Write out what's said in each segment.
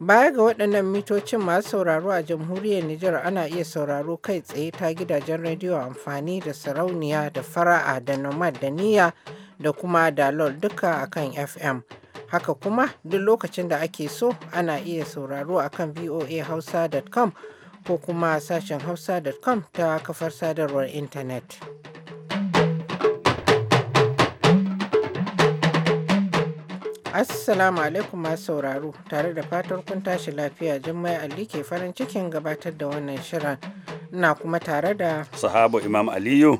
Baya ga waɗannan mitocin masu sauraro a jamhuriyar Nijar ana iya sauraro kai tsaye ta gidajen rediyo amfani da sarauniya da fara'a da nomad da niyya da kuma dalol duka akan FM. Haka kuma duk lokacin da ake so ana iya sauraro akan voahausa.com ko kuma sashen hausa.com ta kafar sadarwar intanet. Assalamu alaikum masu sauraro tare da fatan kun tashi lafiya Jummai Ali ke farin cikin gabatar da wannan shirin na kuma tare da sahabo Imam Aliyu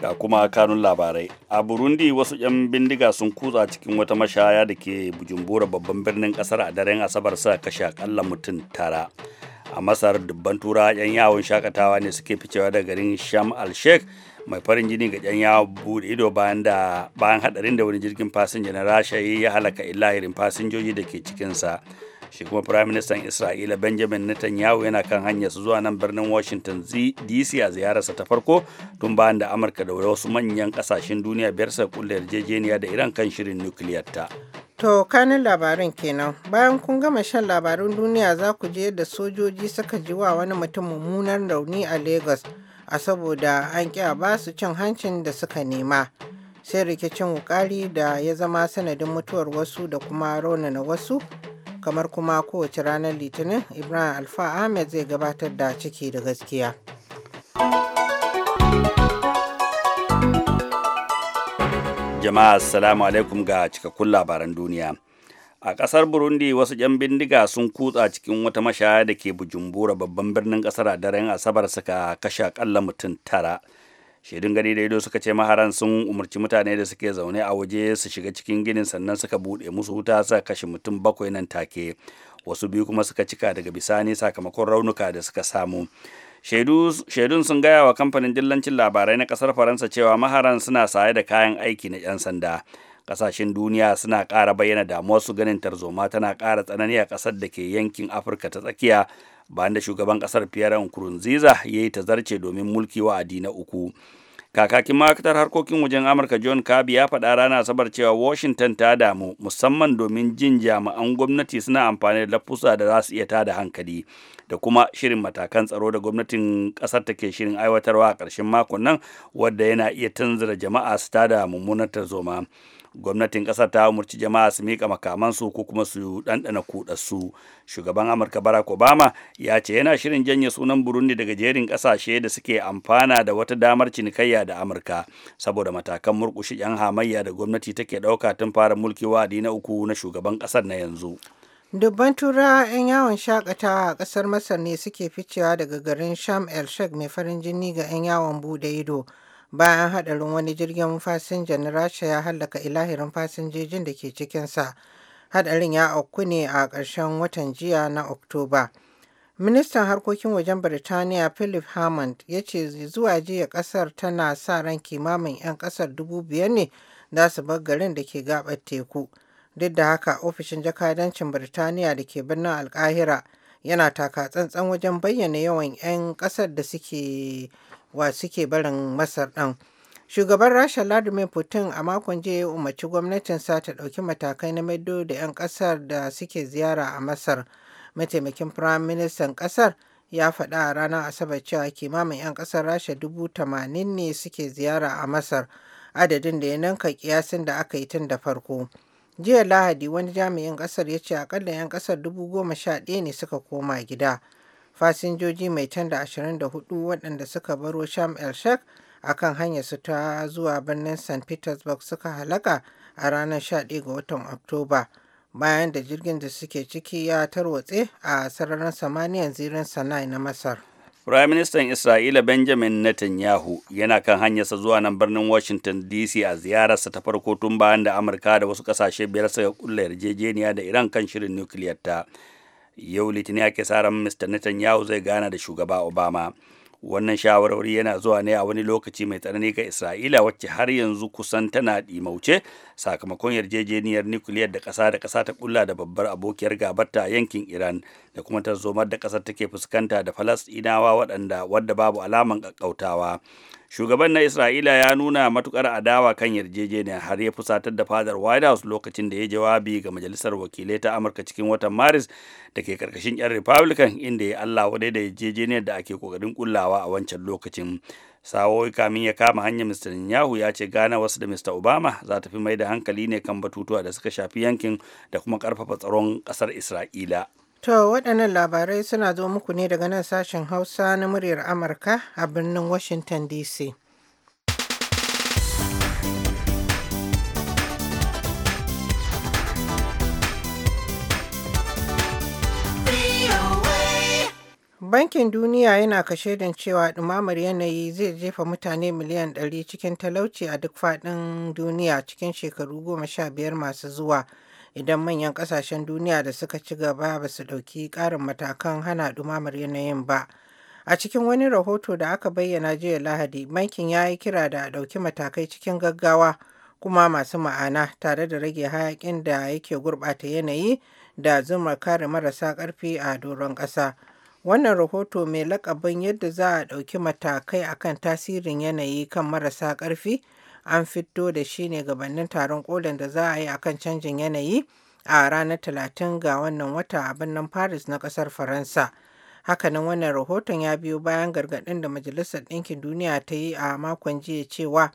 da kuma kanun labarai. A Burundi wasu 'yan bindiga sun kutsa cikin wata mashaya da ke Bujumbura babban birnin kasar a daren Asabar sa kashe akalla mutum tara. A Masar dubban tura 'yan yawon shakatawa ne suke ficewa da garin Sham al-Sheikh mai farin jini ga ɗan ya buɗe ido bayan da bayan da wani jirgin fasinja na rasha ya halaka ilahirin fasinjoji da ke cikinsa shi kuma firaministan isra'ila benjamin netanyahu yana kan hanyar zuwa nan birnin washington dc a ziyararsa ta farko tun bayan da amurka da wasu manyan kasashen duniya biyar sa kulle yarjejeniya da iran kan shirin nukiliyar ta to kanin labarin kenan bayan kun gama shan labarun duniya za ku je da sojoji suka ji wa wani mutum mummunar rauni a lagos a saboda an ƙi a ba su cin hancin da suka nema sai rikicin wukari da ya zama sanadin mutuwar wasu da kuma raunana wasu kamar kuma kowace ranar litinin ibrahim alfa ahmed zai gabatar da ciki da gaskiya jama'a assalamu alaikum ga cikakkun labaran duniya a ƙasar burundi wasu 'yan bindiga sun kutsa cikin wata mashaya da ke bujumbura babban birnin ƙasar a daren asabar suka kashe aƙalla mutum tara shaidun gani da ido suka ce maharan sun umarci mutane da suke zaune a waje su shiga cikin ginin sannan suka buɗe musu wuta suka kashe mutum bakwai nan take wasu biyu kuma suka cika daga bisani sakamakon raunuka da suka samu shaidun sun gaya wa kamfanin dillancin labarai na ƙasar faransa cewa maharan suna saye da kayan aiki na 'yan sanda kasashen duniya suna ƙara bayyana damuwarsu ganin tarzoma tana ƙara tsanani a ƙasar da ke yankin afirka ta tsakiya bayan da shugaban ƙasar pierre nkurunziza ya yi ta zarce domin mulki wa'adi na uku kakakin ma'aikatar harkokin wajen amurka john kirby ya faɗa rana asabar cewa washington ta damu musamman domin jin jami'an gwamnati suna amfani da lafusa da za su iya tada hankali da kuma shirin matakan tsaro da gwamnatin ƙasar take shirin aiwatarwa a ƙarshen makon nan wadda yana iya tanzara jama'a su tada mummunar tarzoma gwamnatin ƙasar ta umarci jama'a su miƙa makamansu ko kuma su ɗanɗana kuɗarsu shugaban amurka barack obama ya ce yana shirin janye sunan burundi daga jerin ƙasashe da suke amfana da wata damar cinikayya da amurka saboda matakan murƙushe 'yan hamayya da gwamnati take ɗauka tun fara mulki wa'adi na uku na shugaban ƙasar na yanzu dubban turawa 'yan yawon shakatawa a ƙasar masar ne suke ficewa daga garin sham el sheikh mai farin jini ga 'yan yawon bude ido bayan haɗarin wani jirgin fasinja na rasha ya hallaka ilahirin fasinjojin da ke cikinsa haɗarin ya auku ne a ƙarshen watan jiya na oktoba ministan harkokin wajen birtaniya philip hammond ya ce zuwa jiya ƙasar tana sa ran kimamin 'yan ƙasar dubu biyar ne za su bar garin da ke gabar teku duk da haka ofishin jakadancin birtaniya da ke birnin alkahira yana taka tsantsan wajen bayyana yawan 'yan ƙasar da suke wa suke barin masar ɗin shugaban rasha vladimir putin a makon jiya ya umarci gwamnatinsa ta ɗauki matakai na maido da 'yan ƙasar da suke ziyara a masar mataimakin firayim ministan ƙasar ya faɗa a ranar asabar cewa kimamin 'yan ƙasar rasha dubu tamanin ne suke ziyara a masar adadin da ya nanka kiyasin da aka yi tun da farko jiya lahadi wani jami'in ƙasar ya ce akalla 'yan ƙasar dubu goma sha ɗaya ne suka koma gida fasinjoji mai can da 24 waɗanda suka baro sham el shek a kan hanyar su ta zuwa birnin st petersburg suka halaka a ranar 11 ga watan oktoba bayan da jirgin da suke ciki ya tarwatse a sararin samaniyan zirin sana'i na masar Firaministan Isra'ila Benjamin Netanyahu yana kan hanyarsa zuwa nan birnin Washington DC a ziyararsa ta farko tun bayan da Amurka da wasu kasashe biyar suka kulla yarjejeniya da Iran kan shirin nukiliyarta. yau litinin ake sa ran mr netanyahu zai gana da shugaba obama wannan shawarwari yana zuwa ne a wani lokaci mai tsanani ga isra'ila wacce har yanzu kusan tana ɗimauce sakamakon yarjejeniyar nukiliyar da ƙasa da ƙasa ta kulla da babbar abokiyar gabarta yankin iran da kuma tarzomar da ƙasar take fuskanta da falasɗinawa waɗanda wadda babu alaman ƙaƙƙautawa shugaban na isra'ila ya nuna matukar adawa kan yarjejeniyar har ya fusatar da fadar white house lokacin da ya jawabi ga majalisar wakilai ta amurka cikin watan maris da ke karkashin yan republican inda ya allah wadai da yarjejeniyar da ake kokarin kullawa a wancan lokacin sa'o'i kamin ya kama hanyar mr netanyahu ya ce gana wasu da mr obama za ta fi mai da hankali ne kan batutuwa da suka shafi yankin da kuma karfafa tsaron kasar isra'ila to waɗannan labarai suna zo muku ne daga nan sashen hausa na muryar amurka a birnin washington dc Bankin Duniya yana kashe don cewa ɗumamar yanayi zai jefa mutane miliyan 100 cikin talauci a duk faɗin duniya cikin shekaru goma sha biyar masu zuwa idan manyan ƙasashen duniya da suka ci gaba ba su ɗauki ƙarin matakan hana ɗumamar yanayin ba. A cikin wani rahoto da aka bayyana jiya Lahadi, bankin ya yi kira da a ɗauki matakai cikin gaggawa kuma masu ma'ana tare da rage hayakin da yake gurɓata yanayi da zuma kare marasa ƙarfi a doron ƙasa. Wannan rahoto mai lakabin yadda za a ɗauki matakai akan tasirin yanayi kan marasa ƙarfi an fito da shi ne gabanin taron kolin da za a yi akan canjin yanayi a ranar talatin ga wannan wata a birnin Paris na ƙasar Faransa. Hakanan wannan rahoton ya biyo bayan gargaɗin da Majalisar Ɗinkin Duniya ta yi a makon jiya cewa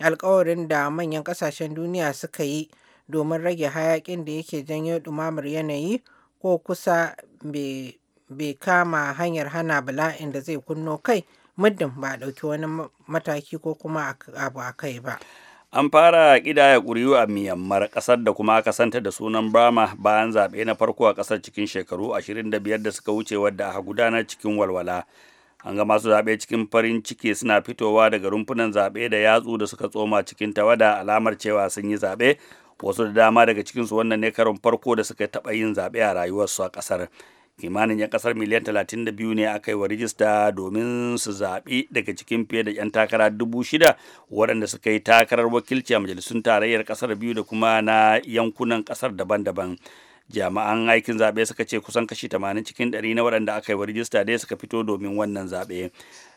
alkawarin da manyan ƙasashen duniya suka yi domin rage hayaƙin da yake janyo ɗumamar yanayi ko kusa bai bai kama hanyar hana bala'in da zai kunno kai muddin ba a ɗauki wani mataki ko kuma abu a kai ba. An fara ya ƙuri'u a Myanmar ƙasar da kuma aka santa da sunan bama bayan zaɓe na farko a ƙasar cikin shekaru 25 da suka wuce wadda aka gudanar cikin walwala. An ga masu zaɓe cikin farin ciki suna fitowa daga rumfunan zaɓe da yatsu da suka tsoma cikin tawada alamar cewa sun yi zaɓe wasu da dama daga cikinsu wannan ne karon farko da suka taɓa yin zaɓe a rayuwarsu a ƙasar. kimanin 'yan kasar miliyan 32 ne aka yi wa rijista domin su zaɓi daga cikin fiye da 'yan takara dubu shida waɗanda suka yi takarar wakilci a majalisun tarayyar kasar biyu da kuma na yankunan kasar daban-daban jami'an aikin zaɓe suka ce kusan kashi 80 cikin 100 na waɗanda aka yi wa rijista dai suka fito domin wannan zaɓe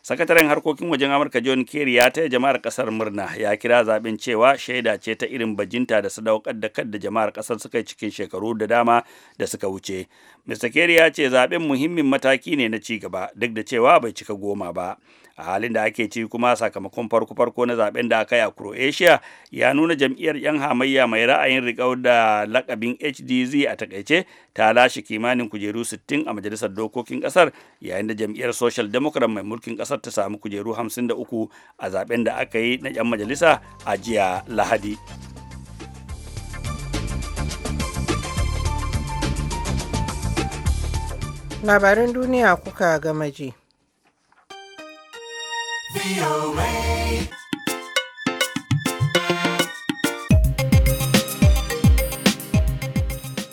sakataren harkokin wajen amurka john kerry ya taya jama'ar kasar murna ya kira zaɓen cewa shaida ce ta irin bajinta da sadaukar da kadda jama'ar kasar suka yi cikin shekaru da dama da suka wuce mr kerry ya ce zaɓen muhimmin mataki ne na ci gaba duk da cewa bai cika goma ba a halin da ake ci kuma sakamakon farko-farko na zaben da aka yi a croatia ya nuna jam'iyyar yan hamayya mai ra'ayin rikau da lakabin hdz a takaice ta lashe kimanin kujeru 60 a majalisar dokokin kasar yayin da jam'iyyar social democrat mai mulkin kasar ta samu kujeru 53 a zaben da aka yi na 'yan majalisa a jiya lahadi labaran duniya kuka gama ji.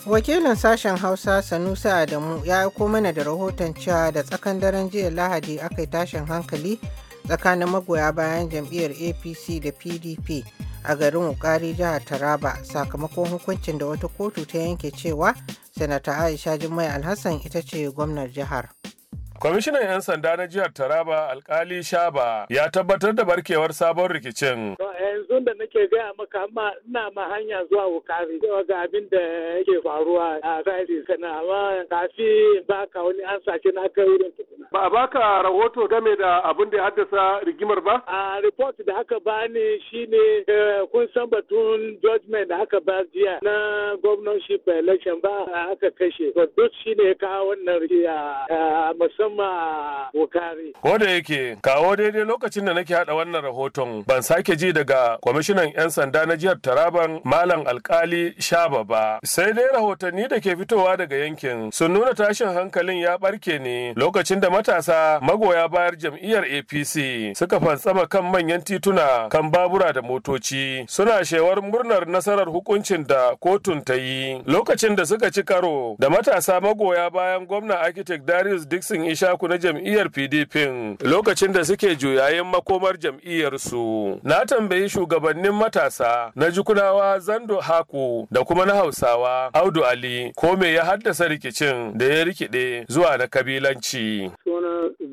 wakilin sashen hausa sanusa adamu ya aiko mana da rahoton cewa da tsakan daren jiya lahadi aka yi tashin hankali tsakanin magoya bayan jam'iyyar apc da pdp a garin wukari jihar taraba sakamakon hukuncin da wata kotu ta yanke cewa sanata aisha Jummai alhassan ita ce gwamnar jihar Kwamishinan 'yan sanda na jihar Taraba alkali Shaba ya tabbatar da barkewar sabon rikicin. yanzu da nake gaya maka amma ina ma hanya zuwa wukari cewa ga abin da yake faruwa a Friday sana amma kafi ka wani an sace na kai wurin tukuna. Ba a baka rahoto game da abin da ya haddasa rigimar ba? A report da aka bani shine kun san batun judgment da haka ba jiya na governorship election ba aka kashe. Duk shine ya kawo wannan rikici a ma Bukari. Ko da yake kawo daidai lokacin da nake hada wannan rahoton ban sake ji daga kwamishinan 'yan sanda na jihar Taraban Malam Alkali Shaba ba. Sai dai rahotanni da ke fitowa daga yankin sun nuna tashin hankalin ya barke ne lokacin da matasa magoya bayar jam'iyyar APC suka fantsama kan manyan tituna kan babura da motoci suna shewar murnar nasarar hukuncin da kotun ta yi lokacin da suka ci karo da matasa magoya bayan gwamna architect Darius Dixon Ishaku na jam'iyyar PDP lokacin da suke juyayin makomar jam'iyyarsu. Na tambayi shugabannin matasa na Jukunawa Zando Haku da kuma na Hausawa Audu Ali ko me ya haddasa rikicin da ya rikide zuwa na kabilanci.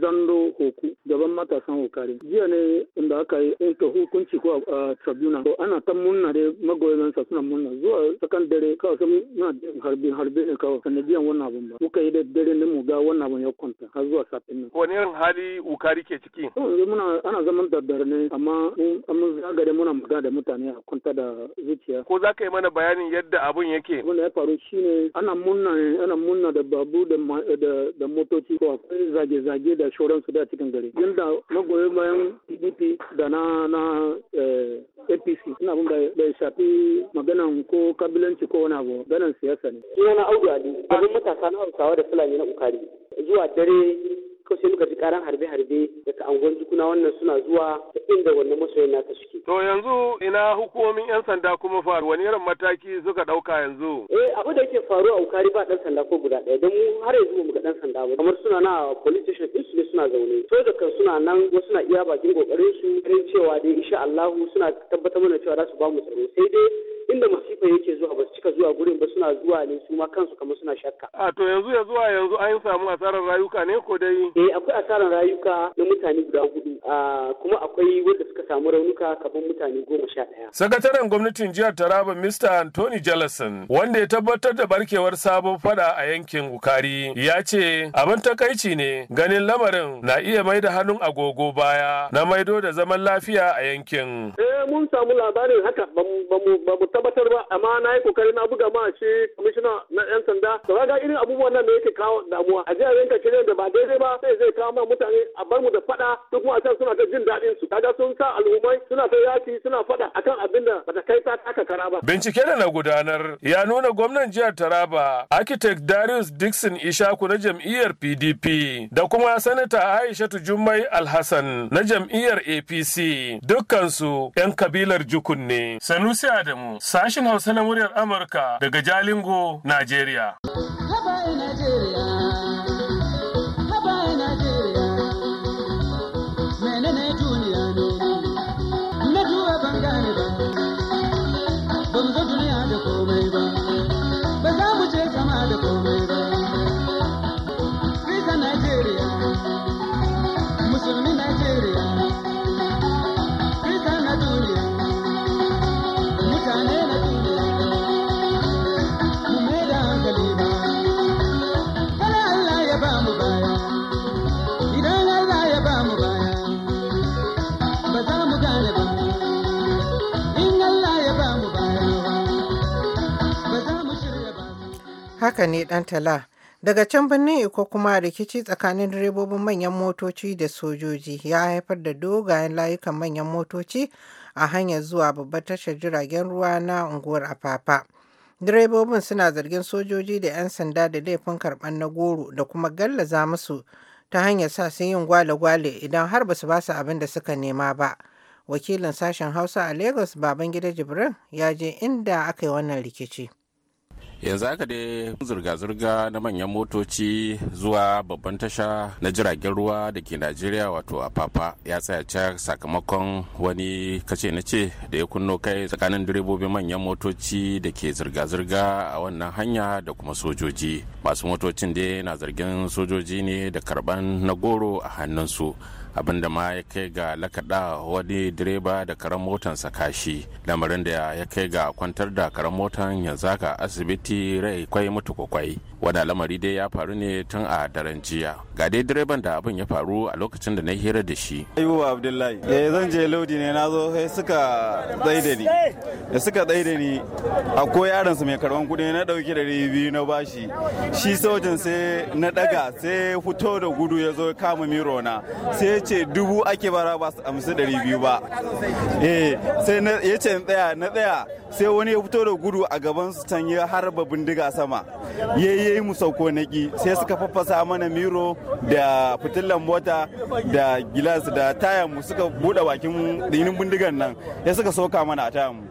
Zando Hoku. gaban matasan wukari jiya ne inda aka yi yanke hukunci ko a tribunal to ana ta munna dai magoyan sa suna munna zuwa tsakan dare kawai sun na harbi harbi ne kawai sanadiyan wannan abun ba muka yi da dare ne mu ga wannan abun ya kwanta har zuwa satin nan wani irin hali wukari ke ciki to yanzu muna ana zaman daddare ne amma mun zagare muna magana da mutane a kwanta da zuciya ko za ka yi mana bayanin yadda abun yake abun da ya faru shine ana munna ana munna da babu da da motoci ko akwai zage-zage da shauransu da cikin gari yadda magoyin bayan pdp da na na eh, apc suna abin da bai shafi maganan ko kabilanci ko wani abu ganin siyasa ne. Suna na Audu Ali, abin matasa na Hausawa da Fulani na Ukari zuwa dare kawai sai muka ji karan harbe-harbe daga angon jukuna. wannan suna zuwa da inda wannan masoyin nata suke. To yanzu ina hukumomin 'yan sanda kuma faru wani irin mataki suka ɗauka yanzu? Eh abu da yake faruwa a Ukari ba ɗan sanda ko guda ɗaya don mu har yanzu mu ga ɗan sanda ba kamar suna na police station ɗin su ne suna zaune. To da kan suna nan wasu na iya bakin kokarin su ganin cewa dai insha Allahu suna tabbatar mana cewa za su ba mu tsaro sai dai inda masifa yake zuwa ba su cika zuwa gurin ba suna zuwa ne su ma kansu kamar suna shakka. A to yanzu ya zuwa yanzu an samu asarar rayuka ne ko dai? Eh akwai asarar rayuka na mutane guda hudu kuma akwai wanda suka samu raunuka kamar mutane goma sha ɗaya. Sakataren gwamnatin jihar Taraba Mr. Anthony Jellison wanda ya tabbatar da barkewar sabon fada a yankin Ukari ya ce abin takaici ne ganin lamarin na iya mai da hannun agogo baya na maido da zaman lafiya a yankin. Eh mun samu labarin haka ba mu tabbatar ba amma na yi kokari na buga ma shi kwamishina na yan sanda to ga irin abubuwan nan da yake kawo damuwa a jihar yanka shirin da ba daidai ba sai zai kawo ma mutane a bar mu da fada duk kuma a can suna ta jin daɗin su kaga sun sa al'ummai suna ta yaki suna fada akan abin da bata kai ta aka kara ba bincike da na gudanar ya nuna gwamnan jihar Taraba architect Darius Dixon Ishaku na jam'iyyar PDP da kuma sanata Aishatu Jummai Alhassan na jam'iyyar APC dukkansu 'yan kabilar Jukun ne Sanusi Adamu Sashen Hausa na muryar Amurka daga Jalingo, Najeriya. Haka ne ɗan tala. Daga can birnin Iko kuma rikici tsakanin direbobin manyan motoci da sojoji ya haifar da dogayen layukan manyan motoci a hanyar zuwa babbar tashar jiragen ruwa na unguwar Afafa. Direbobin suna zargin sojoji da 'yan sanda da laifin karɓar na goro da kuma gallaza musu ta hanyar sa sun yin gwale-gwale idan har ba su basu abin da suka nema ba. Wakilin sashen Hausa a Lagos Babangida Jibrin ya je inda aka yi wannan rikici. yanzu haka dai zirga-zirga na manyan motoci zuwa babban tasha na jiragen ruwa da ke najeriya wato a papa ya tsaya ce sakamakon wani kace na ce da ya kunno kai tsakanin direbobin manyan motoci da ke zirga-zirga a wannan hanya da kuma sojoji masu motocin dai na zargin sojoji ne da karban na goro a hannunsu abinda ma ya kai ga lakada wani direba da karan sa kashi lamarin da ya kai ga kwantar da karan motan yanzu haka asibiti rai kwai mutu kwai. wani lamari dai ya faru ne tun a daren jiya ga dai direban da abin ya faru a lokacin da na hira da shi ayuba abdullahi eh zan je lodi ne nazo sai eh, suka tsai da ni da suka tsai da ni akwai yaron su mai karban kudi na dauki da biyu na bashi shi sojan sai na daga sai fito da gudu ya zo kama miro na sai ya ce dubu ake bara ba su amsu da biyu ba eh sai ya ce na tsaya sai wani ya fito da gudu a gaban su can ya harba bindiga sama yayye sai mu sauko naki sai suka faffasa mana miro da fitilan mota da gilas da tayan mu suka bude bakin dinin bindigan nan ya suka soka mana a tayan mu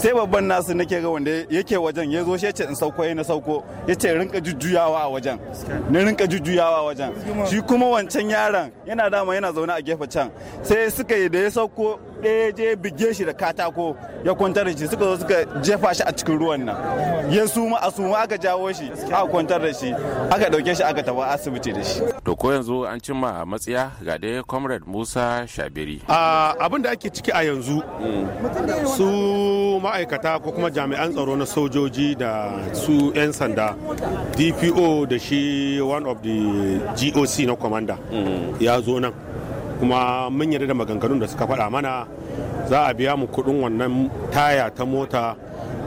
sai babban nasu nake ga wanda yake wajen ya zo shi ce in sauko na sauko ya ce rinka jujjuyawa a wajen na rinka jujjuyawa a wajen shi kuma wancan yaron yana dama yana zaune a gefe can sai suka yi da ya sauko ɗaya je bige shi da katako ya kwantar da shi suka zo suka jefa shi a cikin ruwan nan ya suma a suma aka jawo shi aka kwantar da shi aka ɗauke shi aka tafi asibiti da shi to ko yanzu an cimma matsiya ga dai comrade musa shabiri abin da ake ciki a yanzu su ma'aikata ko kuma jami'an tsaro na sojoji da su 'yan sanda dpo da shi one of the goc na commander ya zo nan kuma mun yarda da maganganun da suka faɗa mana za a biya mu kuɗin wannan taya ta mota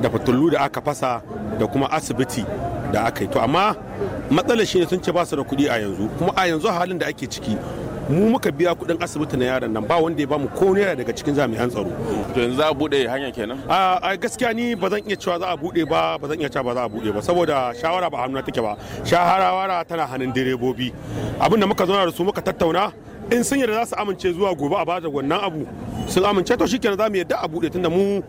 da fitullu da aka fasa da kuma asibiti da aka yi to amma matsalar shi ne sun ce ba su da kuɗi a yanzu kuma a yanzu halin da ake ciki mu muka biya kuɗin asibiti na yaron nan ba wanda ya ba mu ko naira daga cikin jami'an tsaro to yanzu za a buɗe hanya kenan a gaskiya ni ba zan iya cewa za a buɗe ba ba zan iya cewa ba za a buɗe ba saboda shawara ba hannu take ba shawara tana hannun direbobi abin da muka zauna da su muka tattauna in sun yarda za su amince zuwa gobe a bada wannan abu sun amince to shikenan za mu yarda a bude tunda mu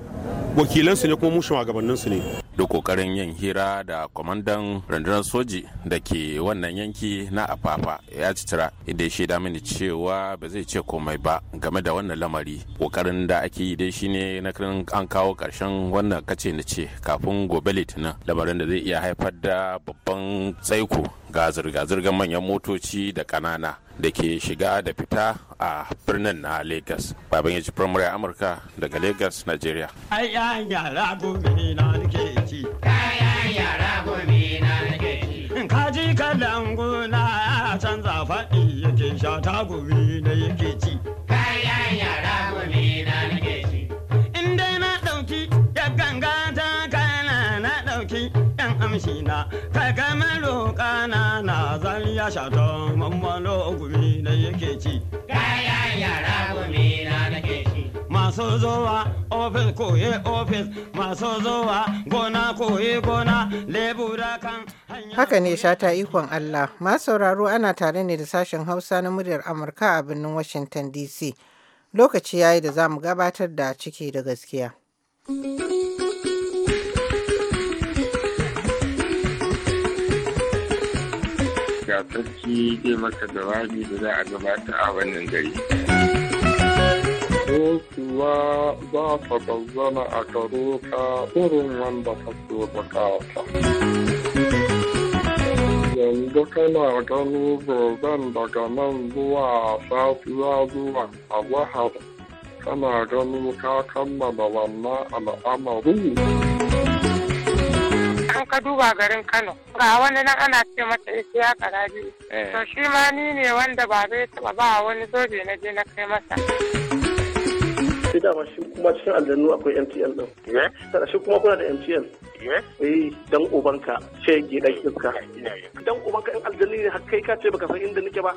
wakilansu ne kuma mu shugabanninsu ne duk kokarin yin hira da kwamandan rundunar soji da ke wannan yanki na afafa ya ci citira inda ya shaida mini cewa ba zai ce komai ba game da wannan lamari kokarin da ake yi dai shine na kan an kawo karshen wannan kace na ce kafin gobe litinin lamarin da zai iya haifar da babban tsaiko ga zirga-zirgar manyan motoci da kanana da ke shiga da fita a birnin na lagos Babban yaji firamare amurka daga lagos nigeria ai ya gobe na galangu na canza faɗi yake sha ta gumi da yake ci. Kayan yara gumi na nake ci. In dai na ɗauki ya ganga ta kana na ɗauki yan amshi na ka maro roƙana na zan ya sha ta mammalo gumi da yake ci. Kayan yara gumi na nake ci. masu zuwa ofis koye ofis masu zuwa gona koye gona lebura kan Haka ne shata ikon Allah, ma sauraro ana tare ne da sashen Hausa na muryar Amurka a birnin Washington DC. Lokaci yayi da za mu gabatar da ciki da gaskiya. Ga sarki zai maka jawabi da za a gabata a wannan gari. ko kuwa za ta bazzana a gare ka irin wanda kake bukata. Yanzu kana gano goben daga nan zuwa safiya zuwa azahar kana gano ka kammala wannan al'amari. An ka duba garin Kano, ga wani nan ana ce masa isiya karabi. Eh. To shi ma ni ne wanda ba zai taɓa ba wani zobe na je na kai masa. sai dama shi kuma cikin aljannu akwai mtn din shi kuma kuna da mtn eh dan ubanka ke dan iska dan ubanka in aljannu ne har kai ka ce baka san inda nake ba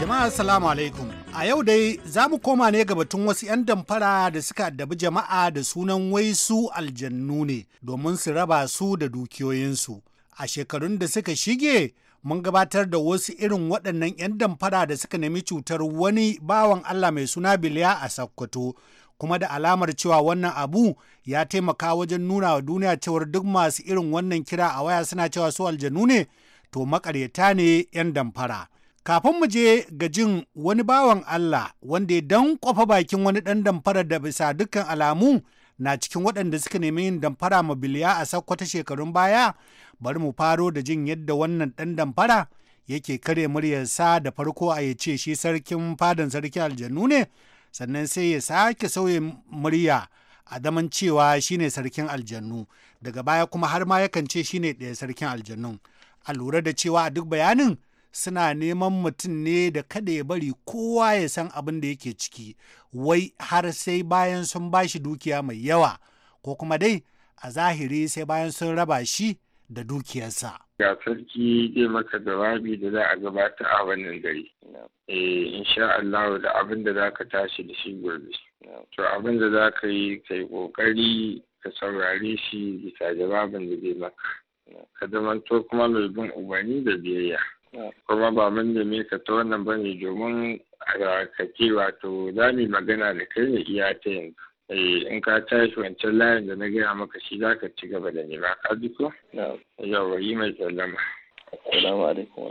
jama'a assalamu alaikum a yau dai za mu koma ne ga batun wasu 'yan damfara da suka addabi jama'a da sunan waisu aljannu ne domin su raba su da dukiyoyinsu a shekarun da suka shige mun gabatar da wasu irin waɗannan 'yan damfara da suka nemi cutar wani bawan Allah mai suna Biliya a Sakkwato. kuma da alamar cewa wannan abu ya taimaka wajen nuna wa duniya cewar duk masu irin wannan kira a waya suna cewa su aljanu ne to makaryata ne 'yan damfara. Kafin mu je ga jin wani bawan Allah wanda ya dan kwafa bakin wani ɗan damfara da bisa dukkan alamu na cikin waɗanda suka nemi yin damfara ma biliya a sakkwata shekarun baya bari mu faro da jin yadda wannan ɗan damfara yake kare muryarsa da farko a ya ce shi sarkin fadan sarki aljanu ne sannan sai ya sake sauya murya a zaman cewa shine sarkin aljannu daga baya kuma har ma yakan ce shine ɗaya sarkin aljanu a lura da cewa a duk bayanin suna neman mutum ne da kada ya bari kowa ya san abin da yake ciki wai har sai bayan sun bashi dukiya mai yawa ko kuma dai a zahiri sai bayan sun raba shi da dukiyarsa. Ga sarki zai maka jawabi da za a gabata a wannan gari. Eh insha Allah da abin da za ka tashi da shi gobe. To abin da za ka yi kai yi ka saurare shi bisa jawabin da zai maka. Ka zama zamanto kuma mai bin ubani da biyayya. kuma ba mun neme ka ta wannan ba ne domin ka ce wato za mu magana da kai ne iya ta yanzu eh, in ka tashi wancan layin da na gaya maka shi za ka ci gaba da nema ka duka ko yawa yi mai sallama assalamu alaikum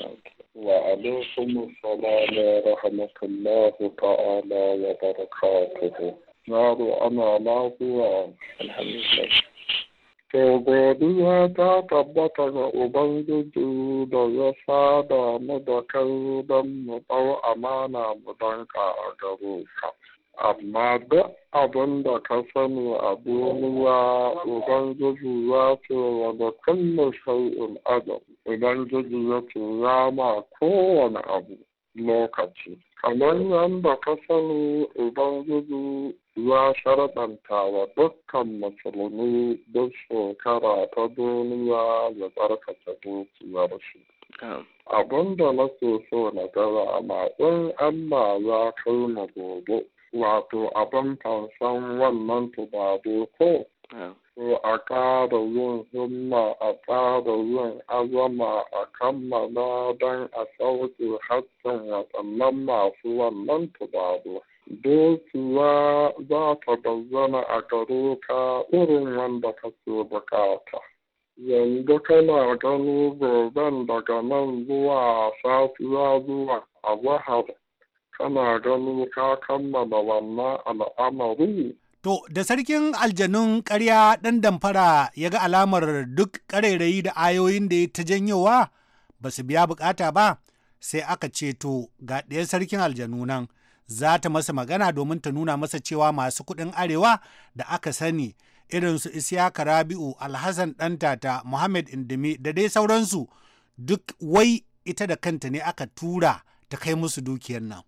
wa alaikum assalam wa rahmatullahi ta'ala wa barakatuhu na ro'ana lafiya alhamdulillah To godiya ta tabbata ga Ubangiji da ya sada mu da kai don mu ɗau amana mu danka a gare ka. Amma duk abin da ka sani a duniya Ubangiji ya ce wa da kullum shay'in adam. Ubangiji ya ce ya ma kowane abu lokaci. kamar yadda ka sani ubangiji ya sharaɗanta wa dukkan musulmi duk shekara ta duniya ya tsarkake dukiyar shi abin da nake so na gaba ma in allah ya kai mu gobe wato abin san wannan tubado ko ƙara yin himma a ƙara yin azama a kammala don a sauke hassan waɗannan masu wannan tubabu. Dokiya za ta bazzana a gare ka irin wanda kake bukata. Yanzu kana gano goben daga nan zuwa safiya zuwa a zahar, kana gano ka kammala wannan al'amari. To, da sarkin aljanun karya ɗan damfara ya ga alamar duk ƙarairayi da ayoyin da ya ta janyowa ba su biya bukata ba, sai aka ceto ga ɗaya sarkin aljanu nan za ta masa magana domin ta nuna masa cewa masu kuɗin arewa da aka sani irin su Isiyaka Rabi'u, Alhassan Ɗantata, Muhammad Indimi da dai sauransu duk wai ita da kanta ne aka tura ta kai musu dukiyar nan.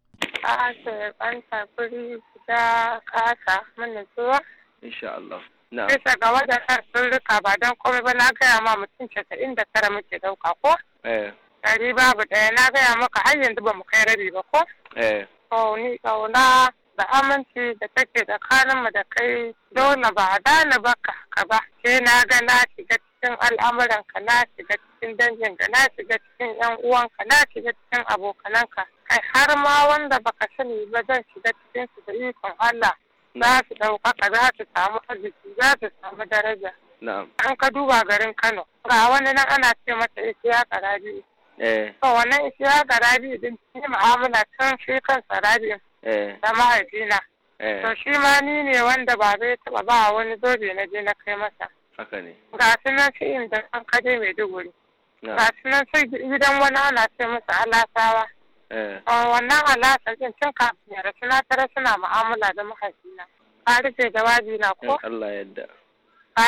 ta kasa mun nutsuwa. Insha Allah. Na. Bisa ga waɗannan sirrika ba don komai ba na gaya ma mutum casa'in da tara muke dauka ko? Eh. Ɗari babu ɗaya na gaya maka har yanzu ba mu kai rabi ba ko? Eh. Kauni kauna da aminci da take tsakanin mu da kai dole ba dana baka ka ba. Sai na ga na shiga cikin al'amuranka na shiga cikin danginka na shiga cikin yan uwanka na shiga cikin abokananka kai har ma wanda baka sani ba zan shiga cikin su da ikon Allah za hmm. su ɗaukaka za su samu arziki za su samu daraja. An ka duba garin Kano ga wani nan ana ce masa Isiya Karabi. Eh. To wannan Isiya Karabi din shi mu'amala can shi sarabi. Rabi eh. da mahaifina. Eh. To shi ma ni ne wanda ba zai taɓa ba wani zobe na je na kai masa. Haka ne. Ga su nan shi inda an kaje Maiduguri. ga nan sai gidan wani ana ce musu alasawa eh. wannan alasa din cin kafin ya rasu tara suna mu'amala da mahaifina ka rufe jawabi na ko Allah yadda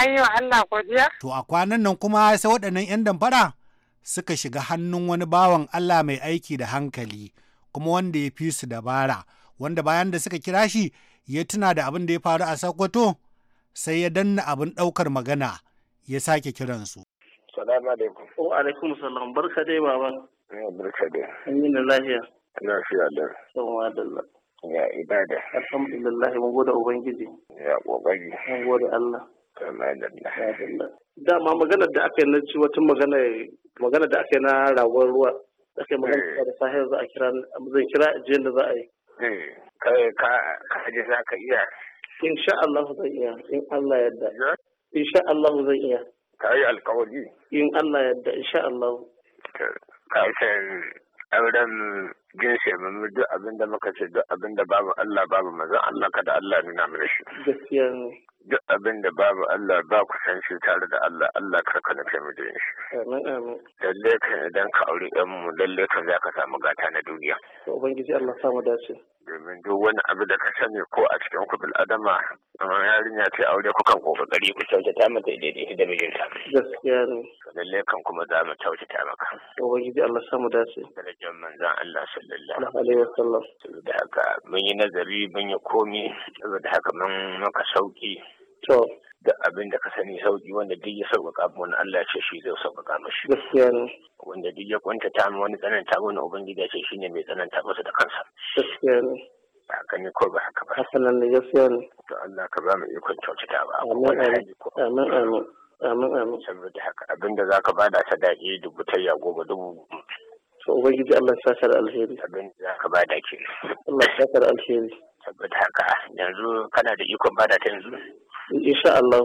yi wa Allah godiya to a kwanan nan kuma sai waɗannan yan damfara suka shiga hannun wani bawan Allah mai aiki da hankali kuma wanda ya fi su dabara wanda bayan da suka kira shi ya tuna da abin da ya faru a Sokoto sai ya danna abin ɗaukar magana ya sake kiransu. Salamu alaikum. Wa alaikum salam. Barka dai baba. Ya barka dai. An yi na lafiya. Lafiya da. Yawwa dalla. Ya ibada. Alhamdulillah mun gode Ubangiji. Ya kokari. Mun gode Allah. Dama maganar da aka yi na ci wata magana magana da aka yi na ragon ruwa. Aka yi magana eh. da sahiyar za a kira zan kira ajiyar da za a yi. Eh, ka je za ka iya. In sha Allah zan iya. In Allah yadda. In sha Allah zan iya. ta yi alkawari in Allah yadda insha Allah kafin auren jinsi mu duk abin da muka ce duk abin da babu Allah babu maza, Allah kada Allah nuna mana shi gaskiya ne duk abin da babu Allah ba ku san shi tare da Allah Allah kar ka nufe mu da shi amin amin lalle kan idan ka auri ɗan mu lalle kan ka samu gata na duniya ubangiji Allah samu dace domin duk wani abu da ka sani ko a cikin ku bil'adama kamar yarinya ce aure kukan kokari ku kyautata mata daidai da mijinta gaskiya ne lalle kan kuma za mu kyautata maka ubangiji Allah samu dace darajar manzon Allah sallallahu alaihi wasallam da haka mun yi nazari mun yi komi saboda haka mun maka sauki to da abin da ka sani sauki wanda duk ya sauƙaƙa mu wani Allah ce shi zai sauƙaƙa mashi. Gaskiya ne. Wanda duk ya kwantata mu wani tsananta wani ubangiji ce shi ne mai tsananta masa da kansa. Gaskiya ne. Ba haka ne ko ba haka ba. Hasanan ne gaskiya ne. To Allah ka ba mu ikon kyautata ba. Amin amin. Amin amin. Amin Saboda haka abin da za ka bada ta daɗi dubu tayya goma dubu to ubangiji Allah ya saka da alheri abin da ka bada ke Allah ya saka da alheri saboda haka yanzu kana da ikon bada ta yanzu insha Allah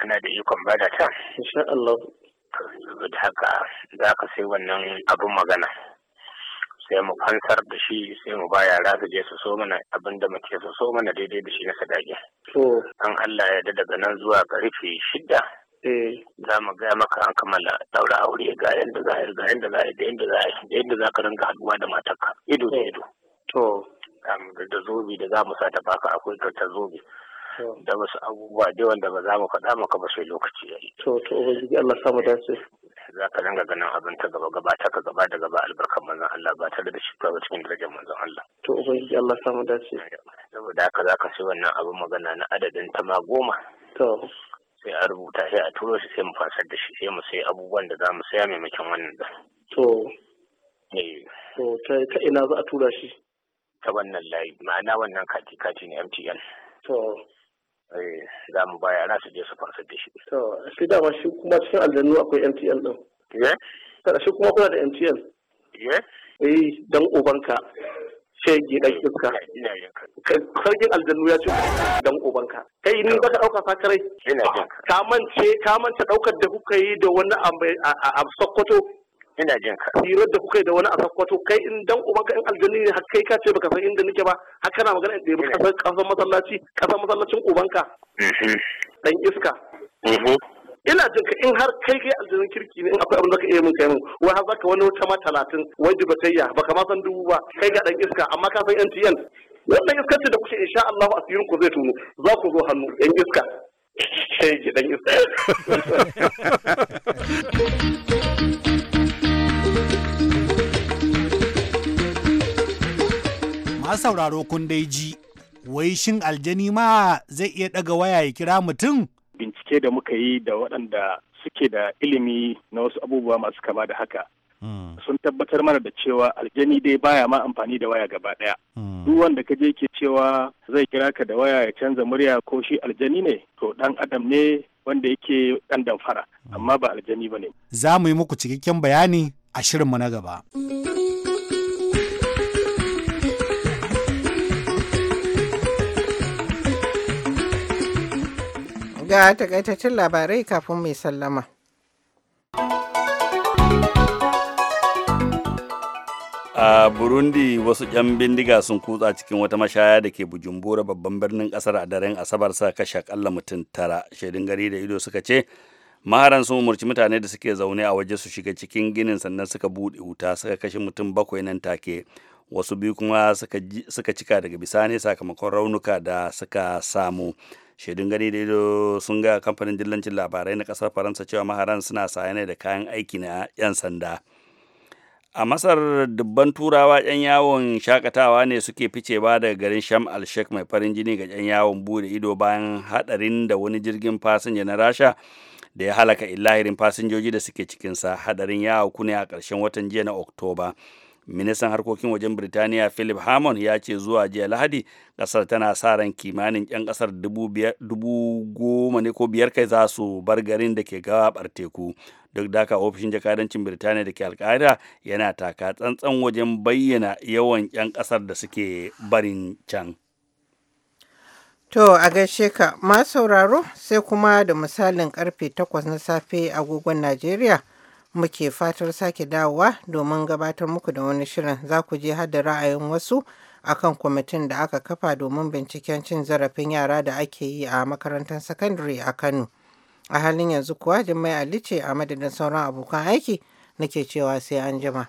kana da ikon bada ta insha Allah da haka za ka sai wannan abin magana sai mu fansar da shi sai mu ba yara su je su so mana abin da muke su so mana daidai da shi na sadaki. To. An Allah ya daga nan zuwa karfe shida. Eh. Za mu gaya maka an kammala daura aure ga yadda za a yi ga yadda za a yi da yadda za a yi da yadda za ka ringa haduwa da matarka ido da eh. ido. To. Da zobe da za mu sa ta baka akwai ta zobe. da wasu abubuwa da wanda ba za mu faɗa maka ba sai lokaci ya yi. To to ubangiji Allah samu dace. Za ka dinga ganin abin ta gaba gaba ta ka gaba da gaba albarkar manzon Allah ba tare da shi ba cikin darajar manzon Allah. To ubangiji Allah samu dace. Saboda haka za ka sai wannan abin magana na adadin ta ma goma. To. sai a rubuta sai a turo shi sai mu fasar da shi sai mu sai abubuwan da za mu saya maimakon wannan da. To. Eh. To ta ina za a tura shi? Ta wannan layi ma'ana wannan kati kati ne MTN. To. za eh, mu ba yara su je su fansar da shi. To, shi dama shi kuma cikin aljannu akwai MTN ɗin. Ye? Shi kuma kuna da MTN. Ye? Eh, dan ubanka. shege dan iska sarkin aljannu ya ce dan ubanka kai ni baka dauka fakarai ka mance ka mance ɗaukar da kuka yi da wani a sokoto ina jin ka hirar da kuka yi da wani a sakwato, kai in dan uban ka in aljanni ne kai ka ce baka san inda nake ba har kana magana in ɗebi kasar kasar masallaci kasar masallacin uban ka. Mm-hmm. dan iska mm-hmm. ina jin ka in har kai kai aljannin kirki ne in akwai abin da ka iya mun kai mun wai har zaka wani wata ma talatin wai dubatayya baka ma san dubu ba kai ga dan iska amma ka san NTN wannan iskar ce da kuke insha Allah asirin ku zai tuno za ku zo hannu yan iska sai gidan iska Amma sauraro kun dai ji wai shin aljani ma zai iya daga waya ya kira mutum bincike da muka yi da waɗanda suke da ilimi na wasu abubuwa masu kama da haka hmm. sun tabbatar mana da cewa aljani dai baya ma amfani da waya gaba ɗaya hmm. duk wanda ka je ke cewa zai kira ka da waya ya canza murya ko shi aljani ne to ɗan adam ne wanda yake ɗan damfara hmm. amma ba aljani ba ne za mu yi muku cikakken bayani a shirin mu na gaba. Ga takaitaccen labarai kafin mai sallama. a burundi wasu 'yan bindiga sun kutsa cikin wata mashaya da ke bujumbura babban birnin kasar a daren asabar sa kashe akalla mutum tara shaidun gari da ido suka ce maharan sun umarci mutane da suke zaune a waje su shiga cikin ginin sannan suka buɗe wuta suka kashe mutum bakwai nan take wasu biyu kuma suka cika daga bisani sakamakon raunuka da suka samu shaidun gani da ido sun ga kamfanin dillancin labarai na kasar faransa cewa maharan suna sayane da kayan aiki na 'yan sanda a masar dubban turawa 'yan yawon shakatawa ne suke fice ba daga garin sham al sheikh mai farin jini ga 'yan yawon bude ido bayan hadarin da wani jirgin fasinja na rasha da ya halaka illahirin fasinjoji da suke cikinsa hadarin ya auku ne a ƙarshen watan jiya na oktoba ministan harkokin wajen birtaniya philip hammond ya ce zuwa jiya lahadi kasar tana sa ran kimanin 'yan kasar dubu goma ne ko biyar kai za su bar garin da ke gabar teku duk da ofishin jakadancin birtaniya da ke al'ada yana taka tsantsan wajen bayyana yawan 'yan kasar da suke barin can To a gaishe ka ma sauraro sai kuma da misalin karfe 8 na safe agogon Najeriya. muke fatar sake dawowa domin gabatar muku da wani shirin za ku je hada ra'ayin wasu akan kwamitin da aka kafa domin binciken cin zarafin yara da ake yi a makarantar sakandare a kano a halin yanzu kuwa jimai ali ce a madadin sauran abokan aiki nake cewa sai an jima.